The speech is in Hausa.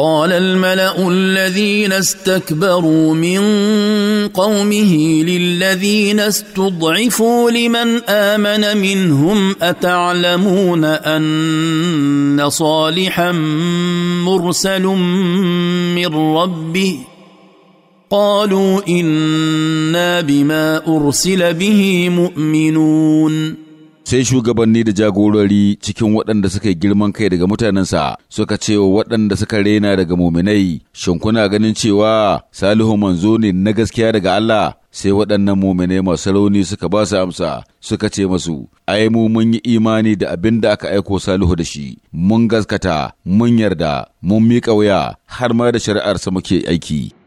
قال الملا الذين استكبروا من قومه للذين استضعفوا لمن امن منهم اتعلمون ان صالحا مرسل من ربه قالوا انا بما ارسل به مؤمنون sai shugabanni da jagorori cikin waɗanda suka yi girman kai daga mutanensa suka ce wa waɗanda suka rena daga muminai "Shankuna ganin cewa salihu manzo ne na gaskiya daga Allah sai waɗannan muminai masu rauni suka ba su amsa suka ce masu ai mu mun yi imani da abin da aka aiko salihu da shi mun gaskata mun yarda mun miƙa wuya har ma da shari'ar shari'arsa muke aiki